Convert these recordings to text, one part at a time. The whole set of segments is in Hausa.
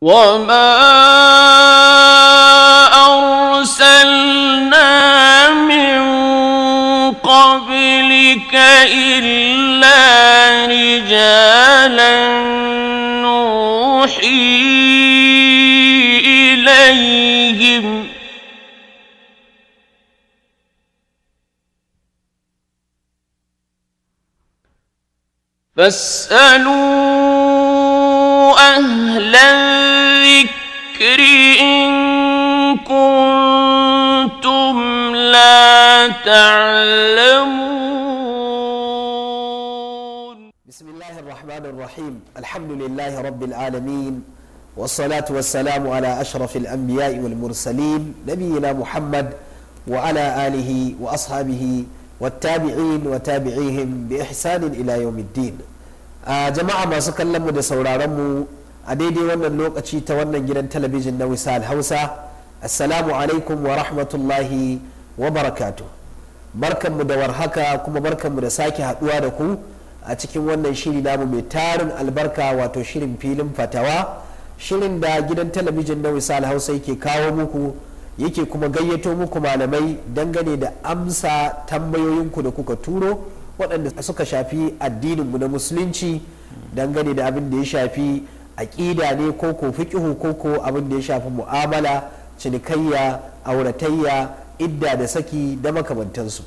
وما أرسلنا من قبلك إلا رجالا نوحي إليهم فاسألوا أهل أهل الذكر إن كنتم لا تعلمون بسم الله الرحمن الرحيم الحمد لله رب العالمين والصلاة والسلام على أشرف الأنبياء والمرسلين نبينا محمد وعلى آله وأصحابه والتابعين وتابعيهم بإحسان إلى يوم الدين آه، جماعة ما سكلموا kallon mu a daidai wannan lokaci ta wannan gidan talabijin na wisal hausa assalamu alaikum wa rahmatullahi wa barakatu barkanmu da warhaka kuma barkanmu da sake haduwa da ku a cikin wannan shiri namu mai tarin albarka wato shirin filin fatawa shirin da gidan talabijin na wisal hausa yake kawo muku yake kuma gayyato muku malamai dangane da amsa tambayoyinku da kuka turo waɗanda suka shafi addininmu na musulunci dangane da abin da ya shafi aƙida ne ko ko fiƙihu ko ko abin da ya shafi mu'amala cinikayya auratayya idda da saki da makamantansu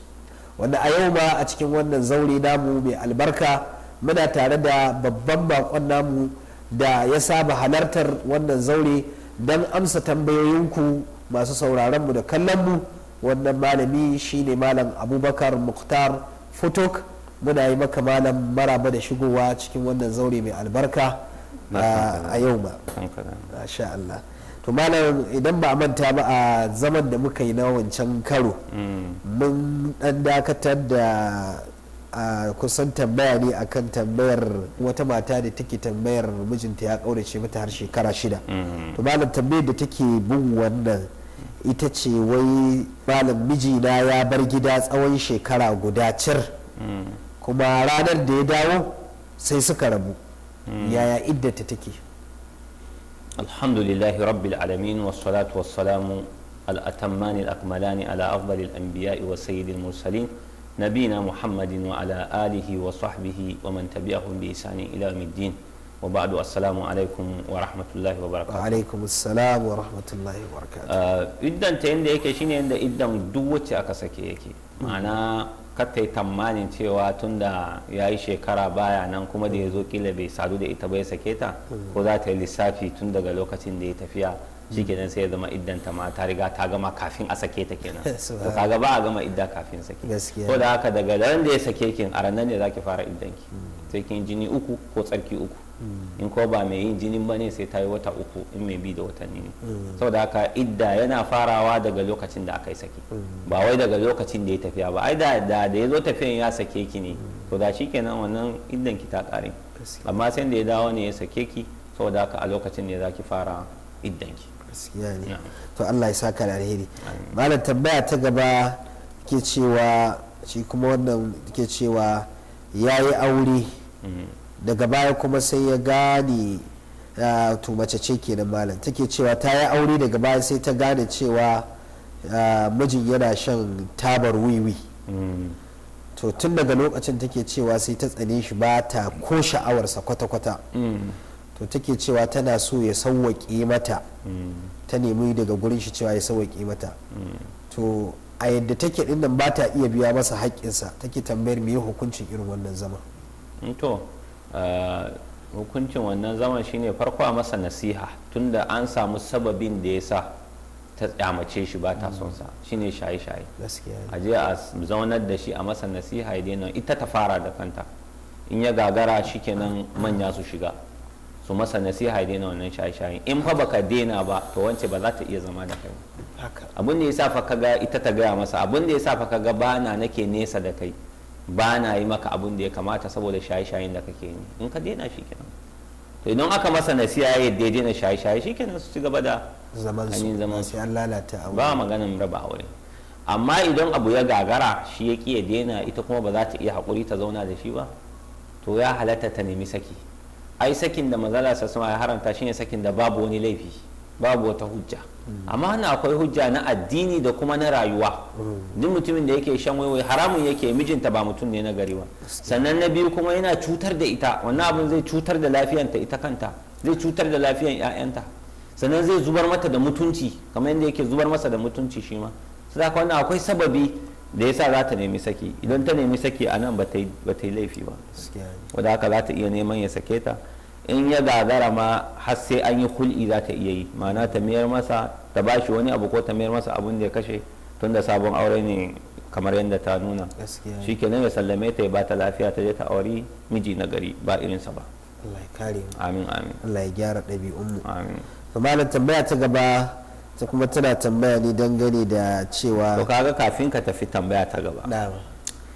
wanda a yau ma a cikin wannan zaure namu mai albarka muna tare da babban bakon namu da ya saba halartar wannan zaure don amsa tambayoyinku masu sauraronmu da kallonmu wannan malami shine malam abubakar muktar futok muna yi maka malam maraba da shigowa cikin wannan zaure mai albarka a yau ba sha Allah to malam idan ba manta ba a zaman da muka yi na wancan karo mm. mun dan dakatar da a kusan tambaya ne a kan tambayar wata mata da take tambayar mijinta ya kaurace mata har shekara shida mm. to malam tambayar da take bin wannan ita ce wai malam mijina ya bar gida tsawon shekara guda cir mm. kuma ranar da ya dawo sai suka rabu yaya iddata take alhamdulillahi rabbil alamin wassalatu wassalamu الأتمان الأكملان على أفضل الأنبياء وسيد المرسلين نبينا محمد وعلى آله وصحبه ومن تبعهم بإحسان إلى يوم الدين وبعد السلام عليكم ورحمة الله وبركاته وعليكم السلام ورحمة الله وبركاته آه، إدن تين ديك شيني إدن دوتي أكسكي معناه ta yi tamanin cewa tun da ya yi shekara baya nan kuma da ya zo kila bai sadu da ita bai sake ta ko za ta yi lissafi tun daga lokacin da ya tafiya shi kenan sai ya zama iddanta ma ta riga ta gama kafin a sake ta kenan to kaga ba a gama idda kafin sake ko da haka daga ran da ya sake kin a ranar ne za ki fara iddanki sai kin jini uku ko tsarki uku in ko ba mai yin jinin ba ne sai ta yi wata uku in mai bi da watanni ne mm. saboda haka idda yana farawa daga lokacin da aka yi saki mm. ba wai daga lokacin da ya tafiya ba ai da da ya zo tafiyan ya sake ki ne mm. to da shi kenan wannan iddan ki ta kare amma sai da ya dawo ne ya sake ki saboda haka a lokacin ne za ki fara iddan ki to Allah ya saka da alheri malam tambaya ta gaba ke cewa shi kuma wannan ke cewa yayi aure mm-hmm. daga baya kuma sai ya gane to mace ce kenan malam take cewa ta yi aure daga baya sai ta gane cewa mijin yana shan tabar wiwi mm. to tun daga lokacin take cewa sai ta tsane shi ba ta ko sha'awarsa kwata-kwata mm. to take cewa tana so ya sauwaƙe mata mm. ta nemi daga gurin shi cewa ya sauwaƙe mata to a yadda take din nan ba ta iya biya masa haƙƙinsa take tambayar me hukuncin irin wannan zama Eh, hukuncin wannan zaman shine farko a masa nasiha tunda an samu sababin da ya sa ta tsamace shi ba ta mm. son sa shine shaye-shaye a je a zaunar da shi a masa nasiha ya daina ita ta fara da kanta in ya gagara shi kenan manya su shiga su masa nasiha ya daina wannan shaye-shaye in fa baka daina ba to wance ba za ta iya zama da kai abin da ya sa fa kaga ita ta gaya masa abin da ya sa fa ga bana nake nesa da kai ba na yi maka abin da ya kamata saboda shaye-shayen da kake yi in ka daina shi kenan to idan aka masa nasiya ya daidai na shaye-shaye shi kenan su ci gaba da zaman zaman su ba maganin raba aure amma idan abu ya gagara shi ya ki ya daina ita kuma ba za ta iya haƙuri ta zauna da shi ba to ya halatta ta nemi saki ai sakin da manzala ya haramta shine sakin da babu wani laifi babu wata hujja amma hana akwai hujja na addini da kuma na rayuwa duk mutumin da yake shan waiwai haramun yake mijinta ba mutum ne na gari ba sannan na biyu kuma yana cutar da ita wannan abin zai cutar da lafiyanta ita kanta zai cutar da lafiyan 'ya'yanta sannan zai zubar mata da mutunci kamar yadda yake zubar masa da mutunci shi ma sai wannan akwai sababi da yasa za ta nemi saki idan ta nemi saki a nan ba ta yi laifi ba wadda haka za ta iya neman ya sake ta in ya gagara ma har sai an yi hul'i za ta iya yi ma'ana ta miyar masa ta ba shi wani abu ko ta mayar masa abun da ya kashe tun da sabon aure ne kamar yadda ta nuna shi ke nan ya sallame ta ya ba ta lafiya ta je ta aure miji na gari ba irinsa ba Allah ya kare mu amin amin Allah ya gyara mu. amin to malam tambaya ta gaba ta kuma tana tambaya ne dangane da cewa to kaga kafin ka tafi tambaya ta gaba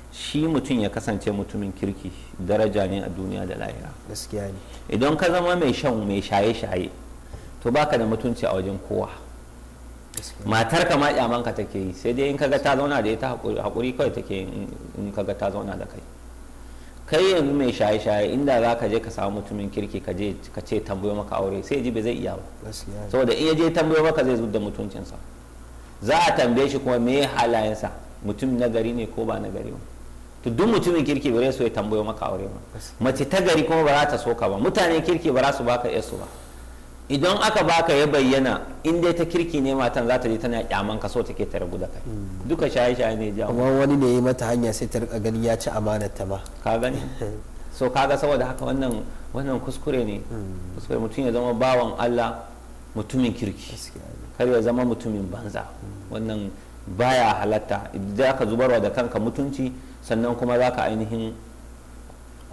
shi mutum ya kasance mutumin kirki daraja ne a duniya da lahira gaskiya ne idan ka zama mai shan mai shaye shaye to baka da mutunci a wajen kowa matar ka ma ka take yi sai dai in kaga ta zauna da ita hakuri kawai take in kaga ta zauna da kai kai yanzu mai shaye shaye inda za ka je ka samu mutumin kirki ka je ka ce tambayo maka aure sai ji bai zai iya ba saboda in ya je tambayo maka zai zubda mutuncinsa za a tambaye shi kuma me halayensa mutum na gari ne ko ba na gari ba to duk mutumin kirki ba zai so ya tambayo maka aure ba mace ta gari kuma ba za ta so ka ba mutane kirki ba za su baka yasu ba idan aka baka ya bayyana in dai ta kirki ne matan za ta je tana kyaman ka so take ta rabu da kai hmm. duka shaye shaye ne jawo amma wani ne ya mata hanya sai ta rika gani ya ci amanar ta ma ka gani so kaga saboda haka wannan wannan kuskure ne hmm. kuskure mutum ya zama bawan Allah mutumin kirki kar ya zama mutumin banza hmm. wannan baya halatta idan ka zubarwa da kanka mutunci sannan kuma zaka ainihin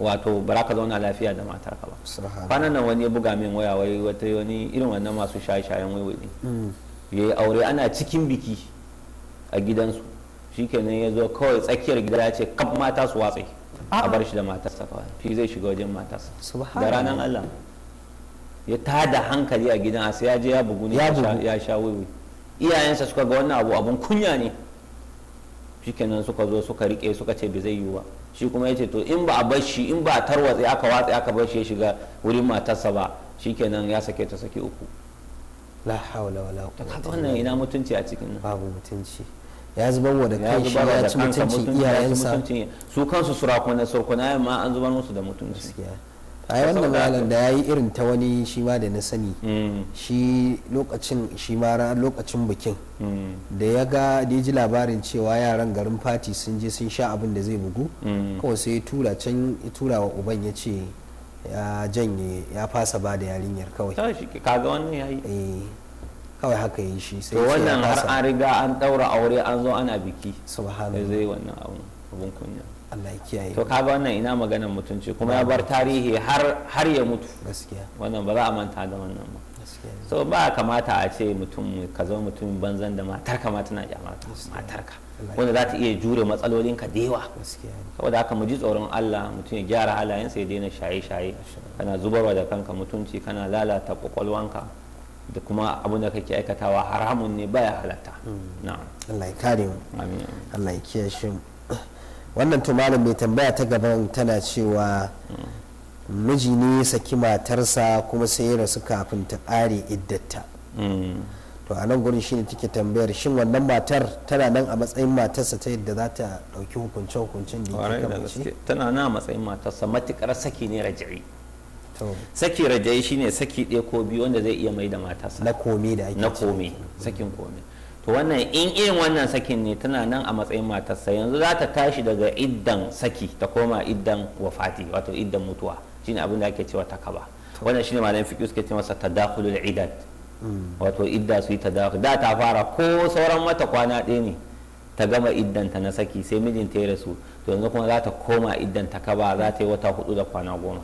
wato bara ka zauna lafiya da matar ka ba kwanan nan wani ya buga min waya wai wata wani irin wannan masu shaye-shayen waiwai mm. ya yi aure ana cikin biki a gidansu shikenan ya zo kawai tsakiyar gida ya ce kan mata su watsai. a bar shi da matarsa kawai shi zai shiga wajen matarsa da ranar Allah ya tada hankali a gidan asa ya je ya bugu ne ya sha waiwai iyayensa suka ga wannan abu abun kunya ne shikenan suka zo suka rike suka ce bai zai yiwu ba shi kuma ya ce to in ba a bar shi in ba a tarwatse aka watsa aka bar shi ya shiga wurin matarsa ba shikenan ya sake ta sake uku la haula wala quwwata wannan ina mutunci a cikin nan babu mutunci ya zubar wa da kai shi ya ci mutunci iyayensa su kansu surakuna surakuna ma an zubar musu da mutunci ai wannan malam da ya yi irin ta wani shi ma da na sani mm. shi lokacin shi ma lokacin bikin mm. da ya ga da ji labarin cewa yaran garin fati sun je sun sha abin da zai bugu mm. kawai sai ya tura can ya tura wa uban ya ce ya janye ya fasa ba da yarinyar kawai kaga wannan yi. Eh, kawai haka yi shi sai wannan har an riga an daura aure an zo ana biki subhanallah zai wannan abun kunya Allah ya kiyaye to kaga wannan ina maganar mutunci kuma ya bar tarihi har har ya mutu gaskiya wannan ba za a manta da wannan ba so ba kamata a ce mutum ka zama mutumin banzan da matar ka ma tana kyamata matar ka wanda za ta iya jure matsalolin ka da yawa saboda haka mu ji tsoron Allah mutum ya gyara halayensa ya daina shaye-shaye kana zubarwa da kanka mutunci kana lalata kwakwalwanka da kuma abin da kake aikatawa haramun ne baya halatta mm. na'am Allah ya kare mu amin Allah ya kiyaye mu wannan to malam mai tambaya ta gaban tana cewa miji ne saki matarsa kuma sai ya rasu kafin ta ƙare iddata mm. to a nan gurin shine take tambayar shin wannan matar tana nan a matsayin matarsa ta yadda za ta ɗauki hukunce hukuncin da ya tana nan a matsayin matarsa matukar saki ne raja'i saki raja'i shine saki ɗaya ko biyu wanda zai iya mai da matarsa na komi da ake na komi sakin komi to wannan in irin wannan sakin ne tana nan a matsayin matarsa yanzu za ta tashi daga iddan saki ta koma iddan wafati wato iddan mutuwa shine abin da ake cewa takaba wannan shine malamin fiqh suke ce masa tadakhulul idad mm. wato idda su yi tadakhul da ta fara ko sauran mata kwana ɗaya ne ta gama ta na saki sai ta ya rasu to yanzu kuma za ta koma iddan takaba za ta yi wata hudu da kwana goma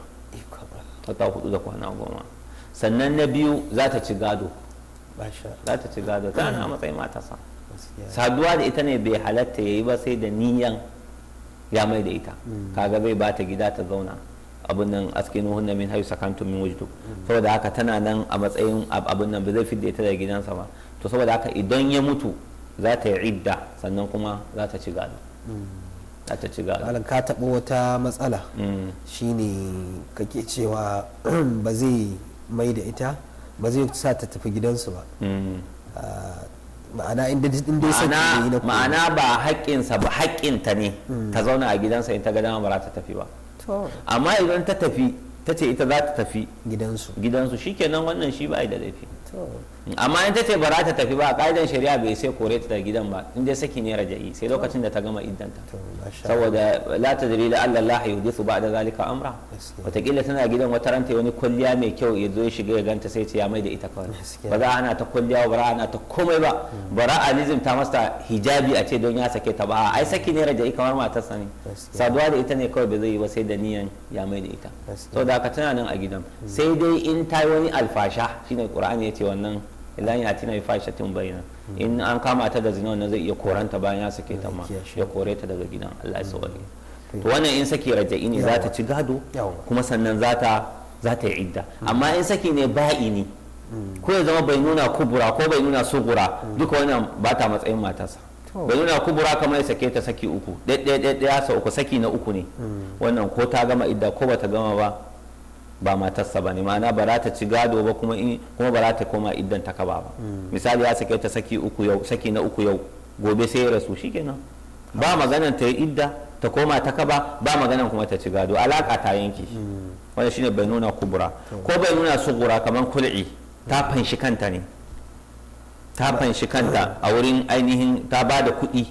wata hudu da kwana goma sannan na biyu za ta ci gado za ta ci gado ta na matsayin mata sa saduwa da ita ne bai halatta ya yi ba sai da niyan ya mai da ita hmm. kaga bai ba ta gida ta zauna abun nan askinu hunna min hayu sakantu min wujdu hmm. saboda haka tana nan a matsayin abun nan ba zai fidda ita da gidansa ba to saboda haka idan ya mutu za ta yi idda sannan kuma za ta ci gado hmm. za ta ci gado malam ka taɓa wata matsala shine kake cewa ba zai mai da ita ba zai sa ta tafi gidansu ba hmm. ma'ana inda inda sai na ma'ana ba haƙƙinsa ba haƙƙinta ne hmm. ta zauna a gidansa in ta ga dama bara ta tafi ba amma idan ta tafi ta ita za ta tafi gidansu gidansu shikenan wannan shi ba da laifi amma in ta ce ba za ta tafi ba ka'idan shari'a bai sai kore ta da gidan ba in dai saki ne raja'i sai lokacin da ta gama iddanta saboda la ta da Allah la yuhdithu ba'da zalika amra watakila tana gidan wata ranta wani kwalliya mai kyau ya zo ya shiga ya ganta sai ce ya mai da ita kawai ba za ana ta kwalliya ba za ana ta komai ba mm. ba ta masa hijabi a ce don ya sake ta ba ai saki ne raja'i kamar matarsa ne saduwa da ita ne kawai bai zai yi ba sai da niyan ya mai da ita da ka tana nan a gidan mm. sai dai in ta yi wani alfasha shine qur'ani ya ce wannan illa ya tina bi tun bayyana hmm. in an kama ta da zina wannan zai iya koranta bayan ya sake ta ma ya kore ta daga gidan Allah ya hmm. sauke hmm. to wannan in saki raja'i ne za ta ci gado kuma sannan za ta za ta idda amma in saki ne ba'i ne ko ya zama bai nuna kubura ko bai nuna sugura duka wannan ba ta matsayin matarsa bai nuna kubura kamar ya sake ta saki uku ɗaya ya sa uku saki na uku ne wannan ko ta gama idda ko ba ta gama ba ba matarsa ba ne ma'ana ba za ta ci gado ba kuma kuma ba za ta koma idan ta kaba ba hmm. misali ya sake ta saki uku yau saki na uku yau gobe sai ya rasu shikenan ba maganan ta yi idda ta koma ta kaba ba maganan kuma ta ci gado alaka ta yanki hmm. wanda shine bai nuna kubura ko bai nuna sugura kamar kul'i ta fanshi kanta ne ta fanshi kanta a wurin ainihin ta ba da kuɗi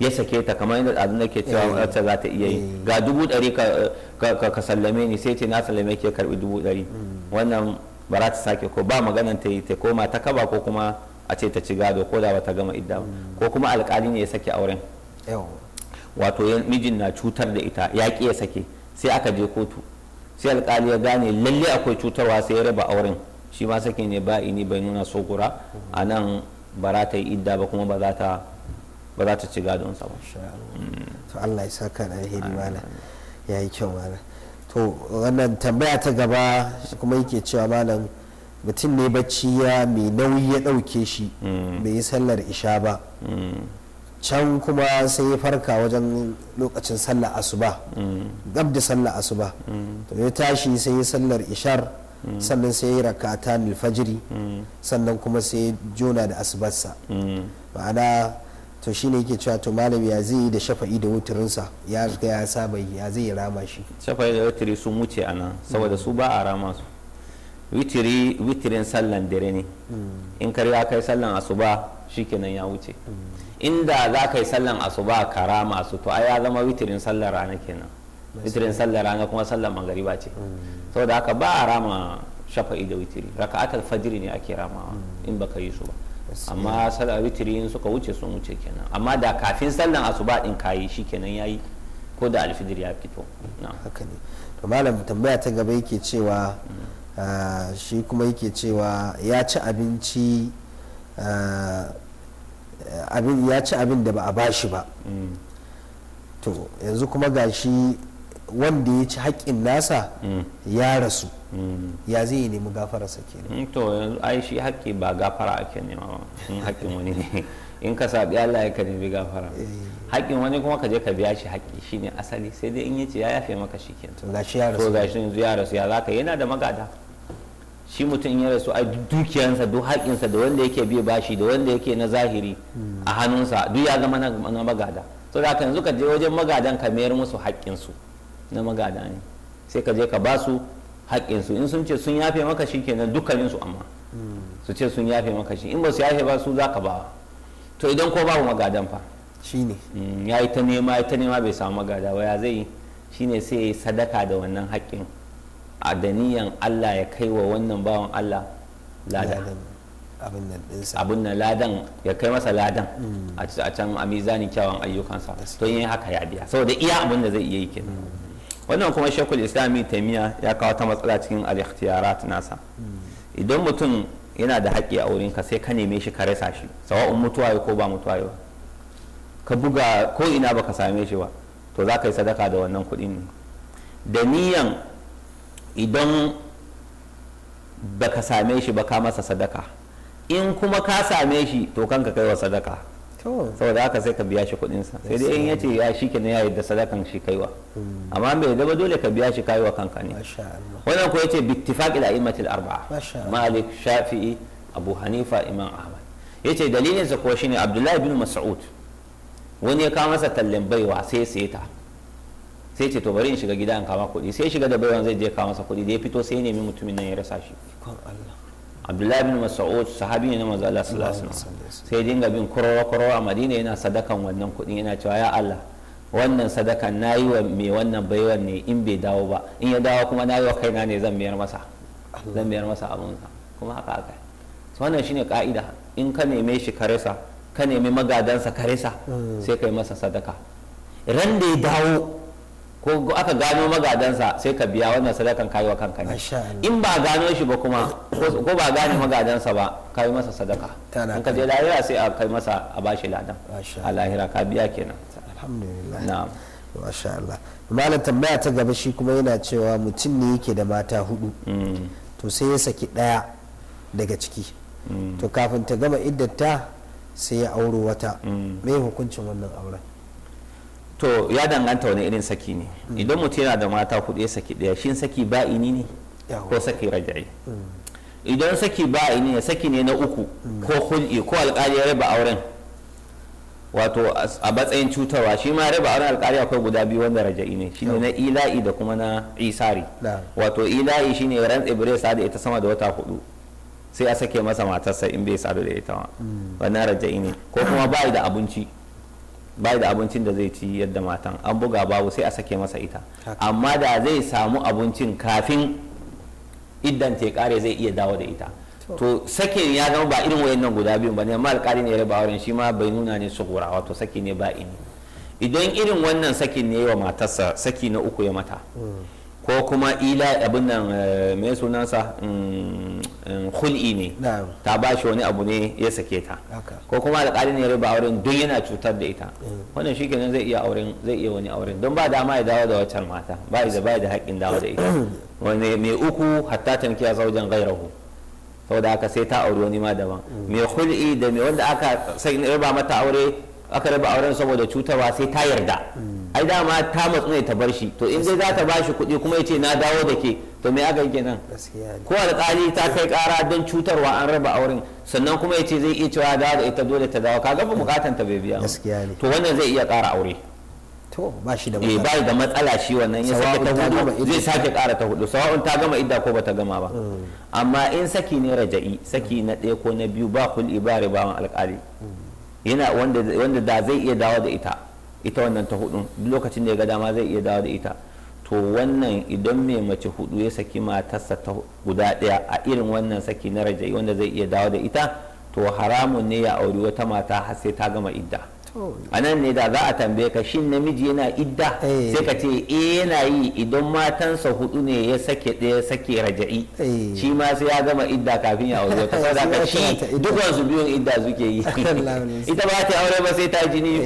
ya sake ta kamar yadda abin da ke cewa eh. wacce za ta iya yi eh. ga dubu ɗari ka sallame ni sai ce na sallame ke karɓi dubu ɗari mm. wannan ba za ta sake ko ba maganan ta yi ta koma ta kaba ko kuma a ce ta ci gado ko da ba ta gama idda mm. ko kuma alƙali ne ya sake auren wato mijin na cutar da ita ya ya sake sai aka je kotu sai alƙali ya gane lalle akwai cutarwa sai ya raba auren shi ma sake ne ba ni bai nuna sokura a nan ba za ta yi idda ba kuma ba za ta ci gadon sa ba mm. to Allah ya saka na hiri mana ya yi kyau mana to wannan tambaya ta gaba kuma yake cewa malam mutum ne bacci ya mai nauyi ya ɗauke shi mm. bai yi sallar isha ba mm. can kuma sai ya farka wajen lokacin sallar asuba gab da sallar asuba to ya tashi sai ya sallar ishar sannan sai ya yi rakata fajiri sannan kuma sai ya jona da asibarsa ma'ana to ne yake cewa to malami ya zai yi da shafa'i da wuturinsa ya riga ya saba ya zai yi rama shi shafa'i da wuturi sun wuce a nan saboda su ba a rama su witiri witirin sallan dare ne in kar ya kai sallan asuba shikenan ya wuce inda za ka yi sallan asuba ka rama su to ai ya zama witirin sallar rana kenan witirin sallar rana kuma sallar ba ce saboda haka ba a rama shafa'i da witiri raka'atul fajiri ne ake ramawa in baka yi su ba amma sallar witiri in suka wuce sun wuce kenan amma da kafin sallar asuba din kayi shikenan yayi ko da alfijir ya fito haka ne to malam tambaya ta gaba yake cewa mm. ah, shi kuma yake cewa ya ci abinci ah, abin ya ci abin da ba a bashi ba mm. to yanzu kuma gashi wanda ya ci haƙƙin nasa mm. ya rasu ya zai yi nemi gafara sa kenan mm, to ai shi haƙƙi ba gafara ake nema ba in haƙƙin wani ne in ka saɓi Allah ya ka nemi gafara eh. haƙƙin wani kuma ka je ka biya shi haƙƙi shine asali sai dai in ya ce ya yafe maka shi ke to gashi ya rasu to gashi yanzu ya rasu ya zaka yana da magada shi mutum ya rasu a dukiyansa duk haƙƙinsa da wanda yake biya bashi da wanda yake na zahiri hmm. a hannunsa duk ya zama na magada to da yanzu ka je wajen magadan ka mayar musu haƙƙinsu na magada ne sai ka je ka ba su haƙƙinsu in sun ce sun yafe maka shi kenan dukkaninsu amma su ce sun yafe maka shi in ba su yafe ba su za ka ba to idan ko babu magadan fa Shi ne. Mm, ya yi ta nema ya ta nema bai samu magada ba ya zai ne sai ya sadaka da wannan haƙƙin a daniyan Allah ya kai wa wannan bawan Allah ladan abin nan ladan ya kai masa ladan mm. a can a mizanin kyawun ayyukansa to yin haka ya biya saboda iya abin da zai iya yi kenan mm. wannan kuma shekul islami taimiya ya kawo ta matsala cikin al-ikhtiyarat nasa idan mutum yana da haƙƙi a wurinka sai ka neme shi ka rasa shi sawa'un mutuwa ko ba mutuwa yau ka buga ko ina baka same shi ba to za ka yi sadaka da wannan kuɗin ne da niyan idan baka same shi ba ka masa sadaka in kuma ka same shi to kanka kai wa sadaka saboda haka sai ka biya shi kuɗin sai dai in ce ya shi kenan ya yadda sadakan shi kaiwa hmm. amma bai da dole ka biya shi kaiwa kanka ne wannan ko yace bittifaqi da imatil arba'a malik shafi'i abu hanifa imam ahmad yace dalilin sa ko shine abdullahi bin mas'ud wani ya kawo masa tallan baiwa sai ya sai ce to bari in shiga gida in kama kuɗi sai shiga da baiwan zai je kawo masa kuɗi da ya fito sai ya nemi mutumin nan ya rasa shi abdullahi bin mas'ud sahabi ne na manzo Allah sallallahu alaihi wasallam sai dinga bin korowa korowa a madina yana sadakan wannan kuɗin yana cewa ya Allah wannan sadakan nayi wa mai wannan baiwar ne in bai dawo ba in ya dawo kuma nayi wa kaina ne zan biyar masa zan biyar masa abun kuma haka haka wannan shine ka'ida in ka neme shi ka rasa ka nemi magadansa ka rasa hmm. sai kai masa sadaka ran da ya dawo ko aka gano magadansa sai ka biya wannan sadakan kayi wa kanka ne in ba gano shi ba kuma ko ba gane magadansa ba kayi masa sadaka in ka je lahira sai a kai masa a bashi ladan a lahira ka biya kenan alhamdulillah na'am masha Allah malam tambaya ta gaba shi kuma yana cewa mutum ne yake da mata hudu mm. to sai ya saki daya daga ciki mm. to kafin ta gama iddata sai ya auro wata mm. me hukuncin wannan auren to ya danganta wani irin saki ne idan mutum yana da mata kuɗi ya saki ɗaya shin saki ba'ini ne ko saki raja'i mm. idan saki ba'ini ne saki ne na uku mm. ko hul'i ko alƙali ya raba auren wato a matsayin cutarwa shi ma raba auren alƙali akwai guda biyu wanda raja'i ne ne na ila'i da kuma na isari wato ila'i ne ran tsibirai sa da ita sama da wata hudu sai a sake masa matarsa in bai sadu da ita mm. wannan raja'i ne ko kuma ba da abinci bai da abincin da zai ci yadda matan an buga babu sai a sake masa ita amma da zai samu abincin kafin idan ta kare zai iya dawo da ita to sakin ya zama ba irin wayannan guda biyu ba ne amma alƙali ne ya raba wurin shi ma bai nuna ne su gura wato saki ne ba ini idan irin wannan sakin ne wa matarsa saki na uku ya mata hmm. ko kuma ila abin nan eh, mai sunansa mm, mm, hul'i ne ta ba shi wani abu ne ya sake ta ko kuma alƙali ne riba auren duk yana cutar da ita eh. wannan shi kenan zai iya auren zai iya wani auren don ba dama ya dawo da waccan mata ba da ba da haƙƙin dawo da ita wani mai uku hatta tankiya zaujan gairahu saboda haka sai ta auri wani ma daban mai mm. hul'i da mai wanda aka sai riba mata aure aka riba auren saboda cutarwa sai ta yarda ai dama ta matsu ne ta bar shi to in dai za ta bashi kuɗi kuma ya ce na dawo da ke to me aka yi nan ko alƙali ta kai ƙara don cutarwa an raba auren sannan kuma ya ce zai iya cewa dawo da ita dole ta dawo kaga fa bukatan ta bai biya to wannan zai iya ƙara aure to ba shi da eh, matsala ba da matsala shi wannan ya saka ta hudu zai sake ƙara ta hudu sawa'un ta gama idda ko ba ta gama ba mm. amma in saki ne raja'i saki na ɗaya ko na biyu ba kul'i ba ribawan alƙali mm. yana wanda da zai iya dawo da ita ita wannan ta hudu lokacin da ya ga dama zai iya dawo da ita to wannan idan mai mace hudu ya saki matarsa ta guda daya a irin wannan saki na raja'i wanda zai iya dawo da ita to haramun ne ya auri wata mata har sai ta gama idda a nan ne da za a tambaye ka shin namiji yana idda eh. sai ka ce e yana yi idan matansa hudu ne ya sake ɗaya sake raja'i eh. shi ma sai ya gama idda kafin ya auri wata saboda ka shi dukansu biyun idda suke yi ita ba ta aure ba sai ta jini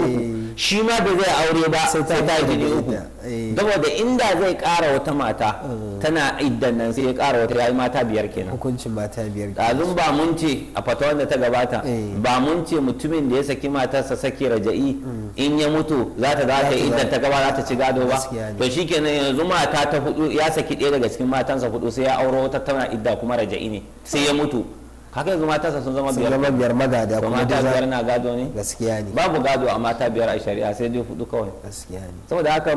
shi ma da zai aure ba sai ta gini uku eh. saboda inda zai kara wata mata eh. tana iddan nan sai ya kara wata yayi mata biyar kenan hukuncin mata biyar dalun ba mun ce a fata wanda ta gabata eh. ba mun ce mutumin da ya saki matarsa saki raja'i hmm. in ya mutu za ta zata idan iddan ta gaba za ta ci gado ba to shikenan yanzu mata ta hudu ya saki ɗaya daga cikin matansa hudu sai ya auro wata tana idda kuma raja'i ne sai ya mutu kaga yanzu mata sun zama biyar zama biyar magada kuma mata biyar na gado ne gaskiya ne babu gado a mata biyar a shari'a sai dai hudu kawai gaskiya ne saboda haka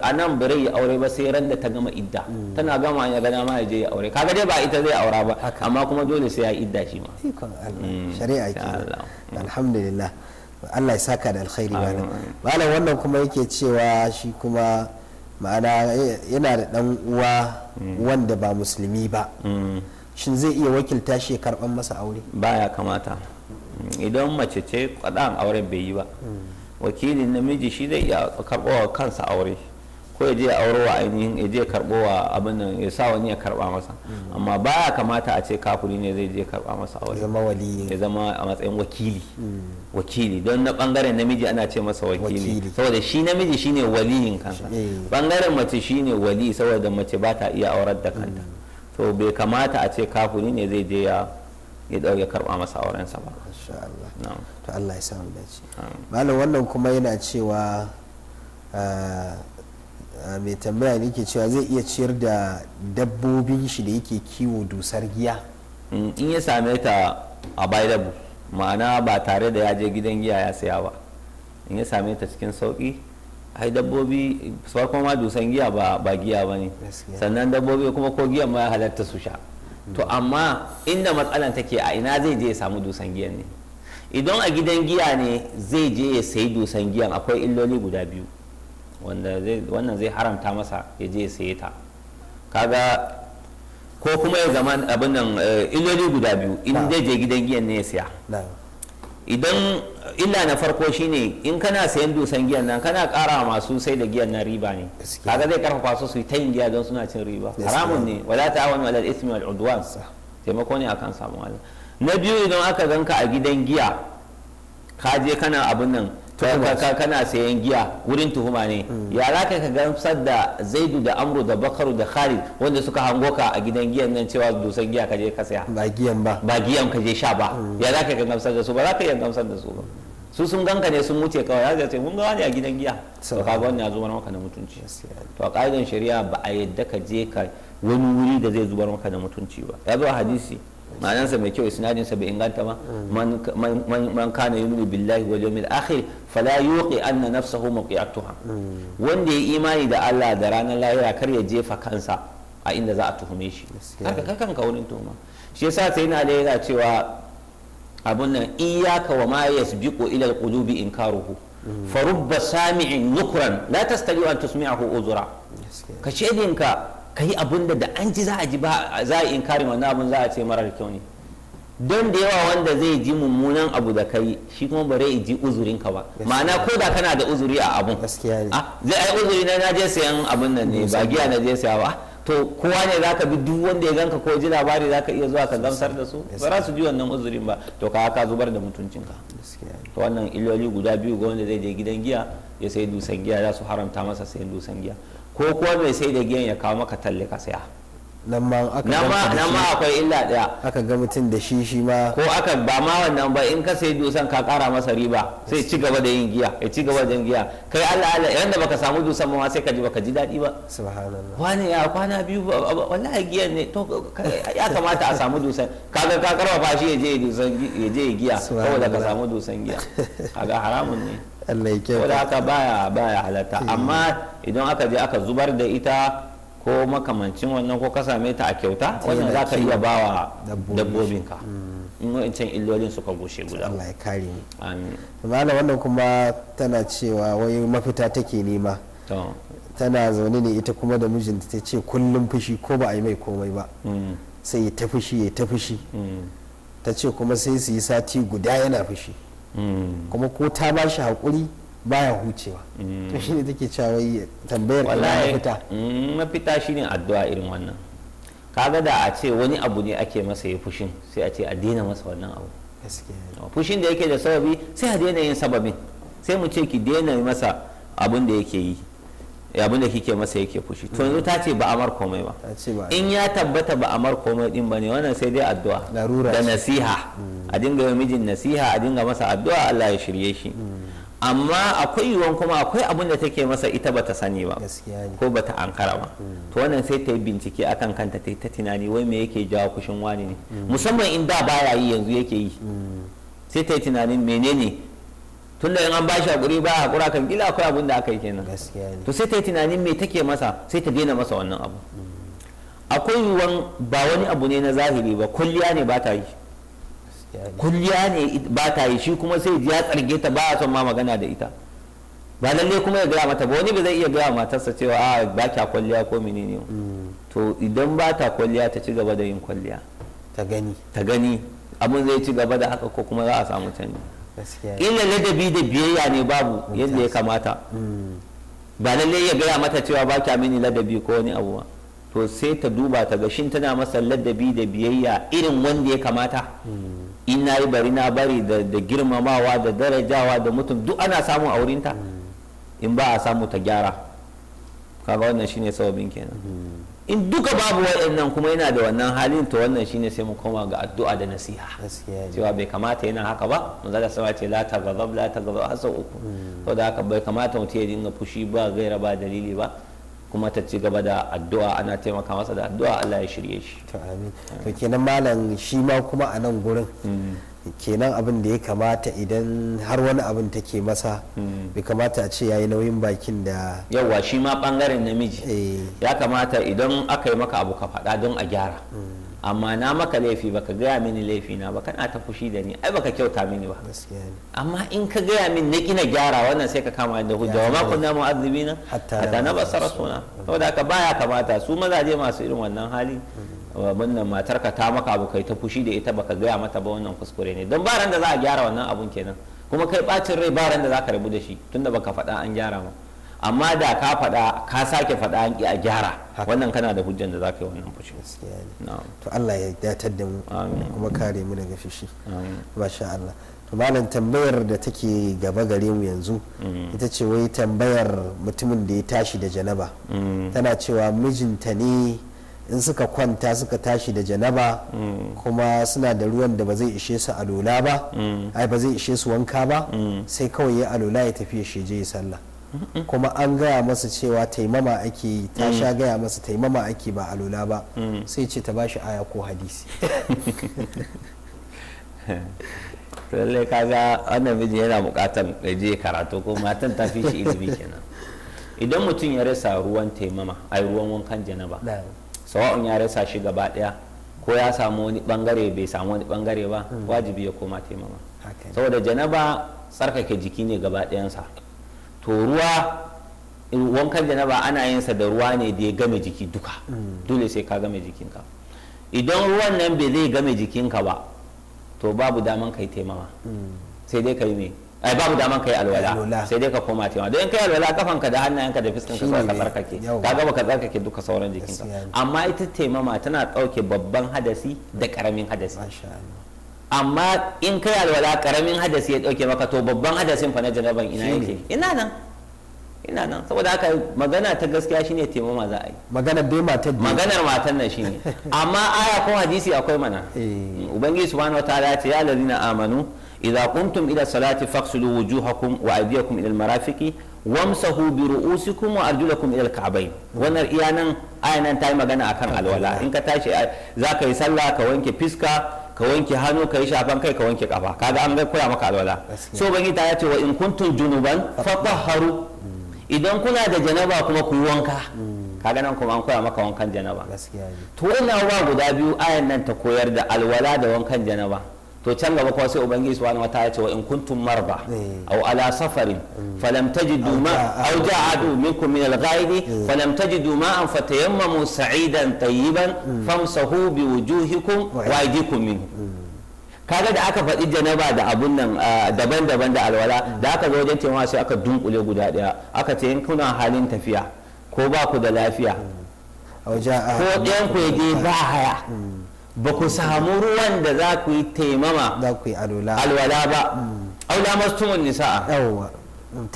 a nan bare ya aure ba sai ran da ta gama idda mm. tana gama ya gana ma ya je ya aure kaga dai ba ita zai aura ba amma kuma dole sai ya idda shi ma Allah mm. shari'a ke mm. alhamdulillah Allah ya saka da alkhairi malam malam wannan kuma yake cewa shi kuma ma'ana eh, yana da dan uwa wanda ba musulmi ba shin zai iya wakilta shi ya karban masa aure baya kamata idan mace ce kwadan auren bai yi ba wakilin namiji shi zai iya karbowa kansa aure ko ya je aurowa ainihin ya je karbowa abin nan ya sa wani ya karba masa amma baya kamata a ce kafuri ne zai je karba masa aure zama wali ya zama a matsayin wakili wakili don na bangaren namiji ana ce masa wakili saboda shi namiji shine waliyin kansa bangaren eh. mace shine wali saboda mace ba ta iya aurar da kanta to bai kamata a ce kafuri ne zai je ya ya dau karba masa aurensa ba insha to Allah ya samu dace malam wannan kuma yana cewa ah, ah, mai tambaya ne ke cewa zai iya ciyar da dabbobin shi da yake kiwo dusar giya mm, in ya same ta a available ma'ana ba tare da ya je gidan giya ya saya ba in ya same ta cikin sauki ai dabbobi farkon ma dusan giya ba giya ba ne sannan dabbobi kuma ko giya ma ya halatta su sha to hmm. amma inda matsalan take a ina zai je ya samu dusan giyan ne idan a gidan giya ne zai je ya sayi dusan giyan akwai illoli guda biyu wannan zai haramta masa ya je ya saye ta kaga ko kuma ya zama abin nan eh, illoli guda biyu in zai je gidan giyan ne ya siya idan illa na farko shine in kana sayan dusan giyan nan kana kara masu sai da giyan nan riba ne kaga zai karfafa su su yi ta yin giya don suna cin riba haramun ne wala ta'awanu wala ismi wal udwan taimako ne akan samu Allah na biyu idan aka ganka a gidan giya ka je kana abin nan kana sayan giya wurin tuhuma ne hmm. ya za ka gamsar da zaidu da amru da bakaru da Khalid wanda suka hango ka a gidan giyan nan cewa dusan giya ka je ka saya ba giyan ba ba giyan ka je sha ba hmm. ya za ka gamsar da su ba za ka iya gamsar da su ba su sun ganka ne sun wuce kawai za ce mun ga wani a gidan giya to ka ga ya zubar maka da mutunci to a ƙa'idan shari'a ba a yadda ka je ka wani wuri da zai zubar maka da mutunci ba ya zo hadisi ma'anansa mai kyau isnadinsa bai inganta ba man kana yuminu billahi wal yawmil akhir fala yuqi anna nafsahu muqiatuha wanda ya imani da Allah da ranar lahira kar ya jefa kansa a inda za a tuhume shi haka kanka wani tuhuma shi yasa sai na da yana cewa abun nan iyyaka wa ma yasbiqu ila alqulubi inkaruhu mm. farubba sami'in nukran la tastali an tusmi'ahu uzra ka shedinka ka yi abin da da an ji za a ji ba za a inkari wannan abin za a ce marar kyau ne don da yawa wanda zai ji mummunan abu da kai shi kuma bare ya ji uzurin ka ba ma'ana ko da kana da uzuri a abun gaskiya ne ah, zai ai uzuri na na je sayan abun nan ne ba giya na je saya ba to kowa ne za ka bi duk wanda ya ganka ko ji labari ka iya zuwa ka gamsar da su ba za su ji wannan uzurin ba to ka ka zubar da mutuncinka to wannan illoli guda biyu ga wanda zai je gidan giya ya sai dusan giya za su haramta masa sayan dusan giya ko kuwa mai sai da giyan ya kawo maka talle ka saya nan ma aka nan ma akwai illa daya aka ga mutum da shi shi ma ko aka ba ma wannan ba in ka sayi dusan ka kara masa riba sai ci gaba da yin giya ya ci gaba da yin giya kai Allah Allah idan da baka samu dusan ma sai ka ji baka ji dadi ba subhanallah wani ya kwana biyu wallahi giya ne to ya kamata a samu dusan kaga ka karfafa shi ya je dusan ya je giya saboda ka samu dusan giya kaga haramun ne Allah baya baya halatta eh. amma idan aka je aka zubar da ita ko makamancin wannan ko ka same ta a kyauta wannan za ka iya bawa dabbobinka hmm. in illolin suka goshe guda Allah ya kare ni amin wannan kuma tana cewa wai mafita take nema tana zaune ne ita kuma da mijinta ta ce kullum fushi ko ba a yi mai komai ba hmm. sai ya ta fushi ya ta fushi hmm. ta ce kuma sai su yi sati guda yana fushi kuma ko ta ba shi haƙuri baya hucewa to shi ne take cewa tambayar ina mafita mm, mafita shine addu'a irin wannan kaga da a ce wani abu ne ake masa ya fushin sai a ce a daina masa wannan abu oh, fushin da yake da sababi sai a daina yin sababin sai mu ce ki daina masa abin da yake yi abin da kike masa yake fushi to yanzu ta ce ba amar komai ba in ya tabbata ba amar komai din bane wannan sai dai addu'a da nasiha mm. a dinga yi mijin nasiha a dinga masa addu'a Allah ya shirye shi mm. amma akwai yiwuwan kuma akwai abun da take masa ita bata sani ba ko bata ankara ba mm. to wannan sai ta yi bincike akan kanta ta ta tunani wai me yake jawo kushin wani ne musamman in da baya yi yanzu yake yi sai ta yi tunanin menene tun da an ba shi hakuri ba kura kan kila akwai abun da aka yi kenan to sai ta yi tunanin me take masa sai ta daina masa wannan abu akwai yiwuwan ba wani abu ne na zahiri ba kulliya ne ba ta yi kulliya ne ba ta yi shi kuma sai ya tsarge ta ba a son ma magana da ita ba lalle kuma ya gaya mata ba wani ba zai iya gaya matarsa cewa a ba kya kwalliya ko menene mm. to idan ba ta kwalliya ta ci gaba da yin kwalliya ta gani ta gani abun zai ci gaba da haka ko kuma za a samu canji ina ladabi da biyayya ne babu yadda ya kamata hmm. ba lallai ya gaya mata cewa ba kya mini ladabi ko wani abu to sai ta duba ta ga shin tana masa ladabi da biyayya irin wanda ya kamata hmm. in na yi bari na bari da girmamawa da darajawa da mutum duk ana samun aurinta hmm. in ba a samu ta gyara kaga wannan shine sababin kenan in duka babu waɗannan kuma yana da wannan halin to wannan shine sai mu koma ga addu'a da nasiha cewa bai kamata yana haka ba mu da sama ce la tagazab la tagazab hasa uku hmm. to da haka bai kamata mutum ya dinga fushi ba gaira ba dalili ba kuma ta ci gaba da addu'a ana taimaka masa da addu'a Allah ya shirye shi to amin to kenan malam shi ma kuma a nan gurin hmm. kenan abin da ya kamata idan har wani abin take masa hmm. bai kamata a ce yayi nauyin bakin da yawa shi ma bangaren namiji eh. ya kamata idan aka yi maka abu ka faɗa don a gyara hmm. amma na maka laifi baka gaya mini laifi na ba na ta fushi da ni ai baka kyauta mini ba amma in ka gaya min na kina gyara wannan sai ka kama da hujja wa ma kunna mu'azzibina hatta na basara suna saboda ka baya kamata su mazaje masu irin wannan hali hmm. abin matarka ta maka abu kai ta fushi da ita baka gaya mata ba wannan kuskure ne don baran da za a gyara wannan abun kenan kuma kai bacin rai baran da za ka rabu da shi tunda baka faɗa an gyara ma amma da ka faɗa ka sake faɗa an ki a gyara wannan kana da hujjan da za ka yi wannan fushi to Allah ya datar da mu kuma kare mu daga fushi masha Allah to malam tambayar da take gaba gare mu yanzu mm. ita ce wai tambayar mutumin da ya tashi da janaba mm. tana cewa mijinta ne in suka kwanta suka tashi da janaba kuma suna da ruwan da ba zai ishe su alola ba ai ba zai ishe su wanka ba sai kawai ya alola ya tafi shi je ya sallah kuma an gaya masa cewa taimama ake yi ta sha gaya masa taimama ake ba alola ba sai ce ta ba shi aya ko hadisi ka ga wannan miji yana bukatan je karatu ko matan ta fi shi ilimi kenan idan mutum ya rasa ruwan taimama ai ruwan wankan janaba sawa'un ya rasa shi gaba daya ko ya samu wani bangare bai samu wani bangare ba hmm. wajibi ya koma taimama saboda janaba tsarkake jiki ne gaba dayansa to ruwa wankan janaba ana yin sa da ruwa ne da ya game jiki duka hmm. dole sai ka game jikinka idan ruwan nan bai zai game jikinka ba to babu daman kai taimama hmm. sai dai kai me ai babu daman kai alwala sai dai ka koma taimama don kai alwala kafanka da hannayenka da fiskanka ka ka tsarkake ka gaba ka tsarkake duka sauran jikinka amma ita taimama tana dauke babban hadasi da karamin hadasi amma in kai alwala karamin hadasi ya dauke maka to babban hadasin fa na janaban ina yake ina nan ina nan saboda haka magana ta gaskiya shine taimama za a yi maganar dai matar maganar matar nan shine amma aya ko hadisi akwai mana eh. ubangiji subhanahu wataala ya ce ya ladina amanu idza قمتم ila salati فاغسلوا وجوهكم wa aydiyakum المرافق وامسحوا برؤوسكم bi ru'usikum wa arjulakum ila alka'bayn wannan iya nan الولا ta yi magana akan alwala in ka tashi eh, zaka yi sallah ka wanke fiska ka wanke hannu ka yi shafan kai ka wanke kafa kaga an ga kula maka alwala so ya idan kuna da janaba kuma wanka hmm. kaga nan kuma an koya maka wankan janaba to ina ba guda biyu ayan nan ta koyar da alwala da wankan janaba to can gaba kuma sai ubangiji subhanahu wataala ce wa in kuntum marba eh. aw ala safarin mm. falam tajidu ma aw ja'adu minkum min al ghaibi eh. falam tajidu an fatayammamu sa'idan tayyiban mm. famsahu bi wujuhikum wa aydikum min mm. kaga da aka faɗi janaba da abun nan daban-daban da alwala da aka zo wajen taimaka sai aka dunkule guda ɗaya aka ce in kuna halin tafiya ko ba ku da lafiya ko ɗayan ku ya ba haya ba ku samu ruwan da za ku yi taimama alwala ba mm. aula mastumun nisa'a yawwa mm,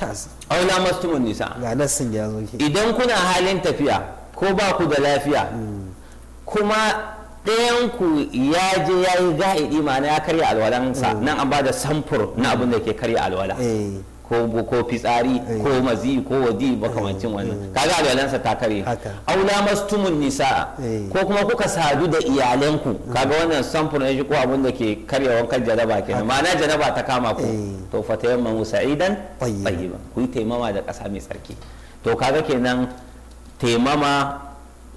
aula mastumun nisa ga nassin ya zo idan kuna halin tafiya ko ba ku da lafiya mm. kuma ɗayan ku ya je ya yi ga'idi na ya karya alwalansa nan an ba da samfur na abin da ke karya alwala eh. ko ko fitsari eh. ko mazi ko wadi makamancin eh. wannan kaga alwalansa ta kare aula mastumun nisa eh. ko kuma kuka sadu da iyalanku kaga wannan samfur ne ko abin da ke karya wankan janaba kenan ma'ana janaba ta kama ku to fatayamma musa'idan tayyiba ku yi taimama da ƙasa mai tsarki to kaga kenan taimama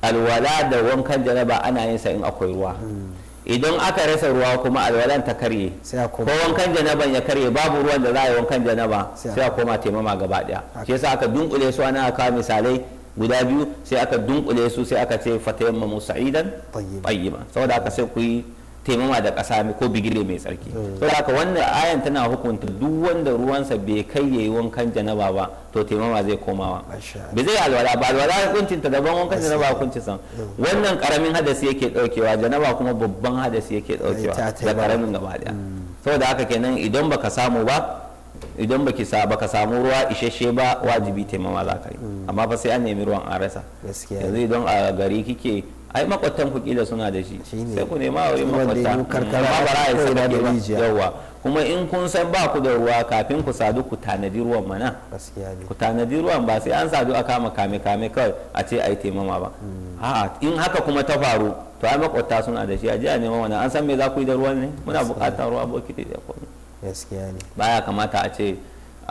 alwala da wankan jaraba ana yin sa in akwai ruwa hmm. idan aka rasa ruwa kuma alwalan ta karye ko wankan janaban ya karye babu ruwan da za a yi wankan janaba sai a koma taimama gaba daya shi yasa aka dunkule su ana aka misalai guda biyu sai aka dunkule su sai aka ce fatayammamu musa'idan tayyiba saboda aka sai ku yi taimama da ƙasa ko bigire mai tsarki mm. to haka wannan ayan tana hukunta duk wanda ruwansa bai kai yayi wankan janaba ba to taimama zai komawa bai zai alwala ba alwala hukuncin ta daban wankan janaba hukuncin san mm. wannan karamin hadasi yake ɗaukewa janaba kuma babban hadasi yake daukewa da karamin gaba daya mm. saboda haka kenan idan baka samu ba idan baki sa baka samu ruwa isheshe ba wajibi taimama za ka yi amma fa sai an nemi ruwan an rasa yanzu idan a gari kike ai makwatan ku kila suna da shi sai ku nema wa makwatan karkara ba ra ya saba da yawa kuma in kun san ba ku da ruwa kafin ku sadu ku tanadi ruwan mana ku tanadi ruwan ba sai an sadu a kama kame kame kawai a ce ai taimama ba hmm. a in haka kuma ta faru to ai makwata suna da shi a jiya neman wannan an san me za ku yi da ruwan ne muna buƙatar ruwa bokiti da komai gaskiya ne baya kamata a ce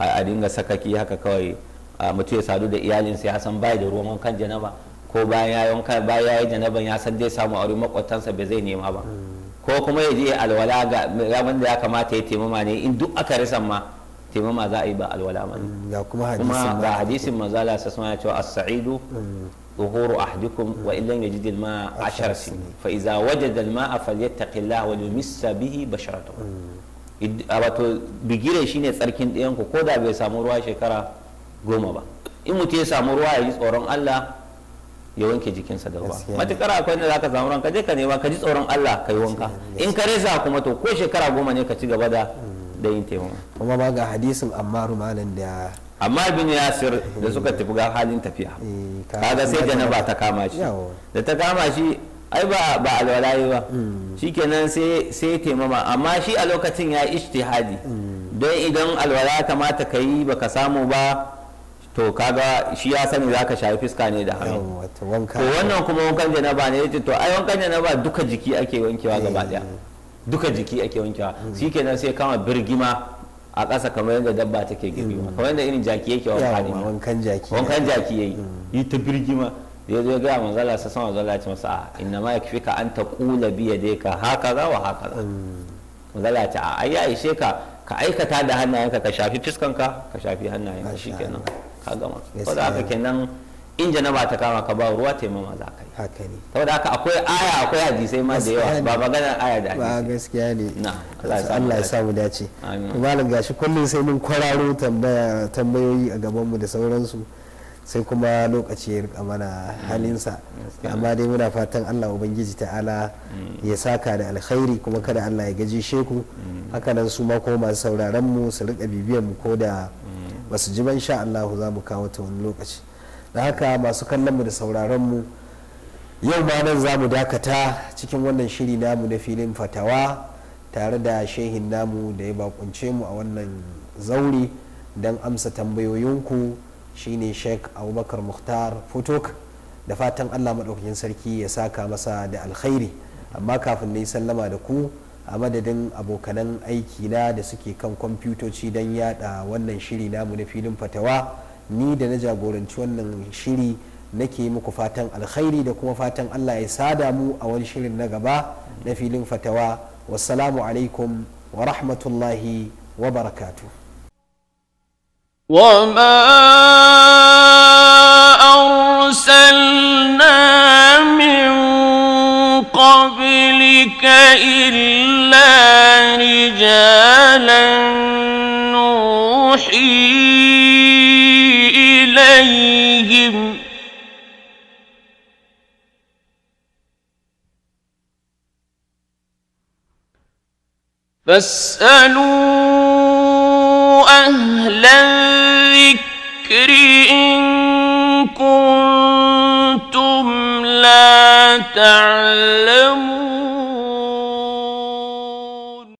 a dinga sakaki haka kawai mutu ya sadu da iyalinsa ya san bai da ruwan kan janaba ko bayan ya wanka bayan ya yi janaban ya san zai samu aure makwatansa bai zai nema ba ko kuma ya je alwala ga ramin da ya kamata ya taimama ne in duk aka rasa ma taimama za a yi ba alwala ma mm, kuma ga hadisin mazala sa suna cewa as-sa'idu ظهور أحدكم وإن لم يجد waje عشر a فإذا وجد الماء فليتق bihi ba به بشرته wato bigire shine tsarkin ɗayan ku ko da bai samu ruwa shekara goma ba in mutum ya samu ruwa ya ji tsoron Allah ya wanke jikinsa da ruwa matukar akwai da zaka samu ranka je ka nema ka ji tsoron Allah ka yi wanka in ka reza kuma to ko shekara goma ne ka ci gaba da hmm. da yin taimama kuma ba ga hadisin Ammar malan da amma bin yasir da suka tafi ga halin tafiya eh, kaga sai janaba ta kama shi da ta kama shi ai ba ba alwalayi ba hmm. shikenan sai sai taimama amma shi a lokacin ya ijtihadi hmm. don idan alwala kamata ka yi baka samu ba to kaga shi ya sani za ka shafi fiska ne da hannu to wannan kuma wankan janaba ne yace to ai wankan janaba duka jiki ake wankewa gaba eh. daya duka jiki ake wankewa mm. shikenan sai kama birgima a ƙasa kamar yadda dabba take mm. girgima kamar yadda irin jaki yake wanka ne wankan jaki wankan jaki yayi mm. yi ta birgima ya zo gaya manzala sa sama zalla ce masa inna ma ka an ta kula dai ka haka za wa haka za manzala ta ai ya ishe ka ka aikata da hannayenka ka shafi fiskanka ka shafi hannayenka shikenan ka gama da haka kenan in janaba ta kama ka ba ruwa mama za ka yi haka ne saboda haka akwai aya akwai hadisai ma da yawa ba maganar aya da hadisai ba gaskiya ne na Allah ya samu dace malam gashi kullum sai mun kwararo tambaya tambayoyi a gaban mu da sauransu sai kuma lokaci ya rika mana halinsa amma dai muna fatan Allah ubangiji ta'ala mm. ya saka da alkhairi kuma kada Allah ya gaji sheku mm. hakanan su ma kuma masu sauraron mu su rika bibiyan mu ko da mm. ba su ji ban sha Allahu za mu kawo ta wani lokaci da haka masu kallon mu da sauraron mu yau ma nan za mu dakata cikin wannan shiri namu na filin fatawa tare da shehin namu da ya bakunce mu a wannan zauri don amsa tambayoyinku shine sheikh abubakar muhtar fotok da fatan allah maɗaukakin sarki ya saka masa da alkhairi amma kafin na sallama da ku a madadin abokanan aiki na da suke kan kwamfutoci don yada wannan shiri namu na filin fatawa ni da na jagoranci wannan shiri nake muku fatan alkhairi da kuma fatan allah ya sada mu a wani shirin na gaba na filin fatawa wassalamu alaikum wa rahmatullahi wa barakatu وما أرسلنا من قبل ربك إلا رجالا نوحي إليهم فاسألوا أهل الذكر إن كنتم لا تعلمون